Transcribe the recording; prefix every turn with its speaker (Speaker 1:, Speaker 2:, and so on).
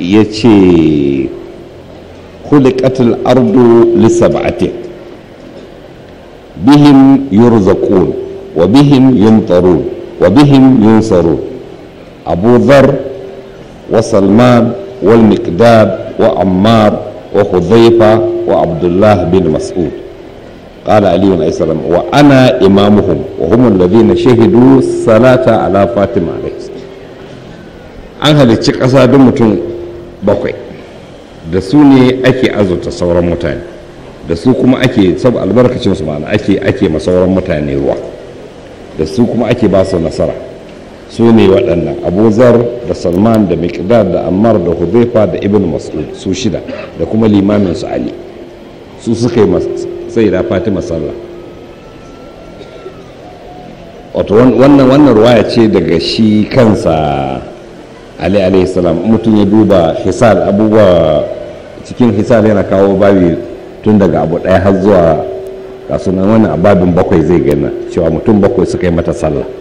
Speaker 1: ya ce hulikatul ardu lissab'ati bihim yurzaqun wa bihim yuntarun wa bihim yunsarun abu dhar wa salman wal miqdad wa ammar wa hudhaifa wa abdullah bin mas'ud قال علي عليه السلام وأنا إمامهم وهم الذين شهدوا الصلاة على فاطمة عليه السلام an halicci ƙasa don mutum bakwai da su ne ake azurta sauran mutane da su kuma ake sab albarkacin su ma'ana ake ake ma sauran mutane ruwa da su kuma ake ba su nasara su ne waɗannan abuzar da salman da miqdad da ammar da hudaifa da ibn mas'ud su shida da kuma limamin su ali su suka yi sai da fatima sallah wato wannan wannan ruwaya ce daga shi kansa ali alayhi salam mutum ya duba hisal abubuwa cikin hisal yana kawo babi tun daga abu ɗaya har zuwa na wani ababin bakwai zai gana cewa mutum
Speaker 2: bakwai suka yi mata sallah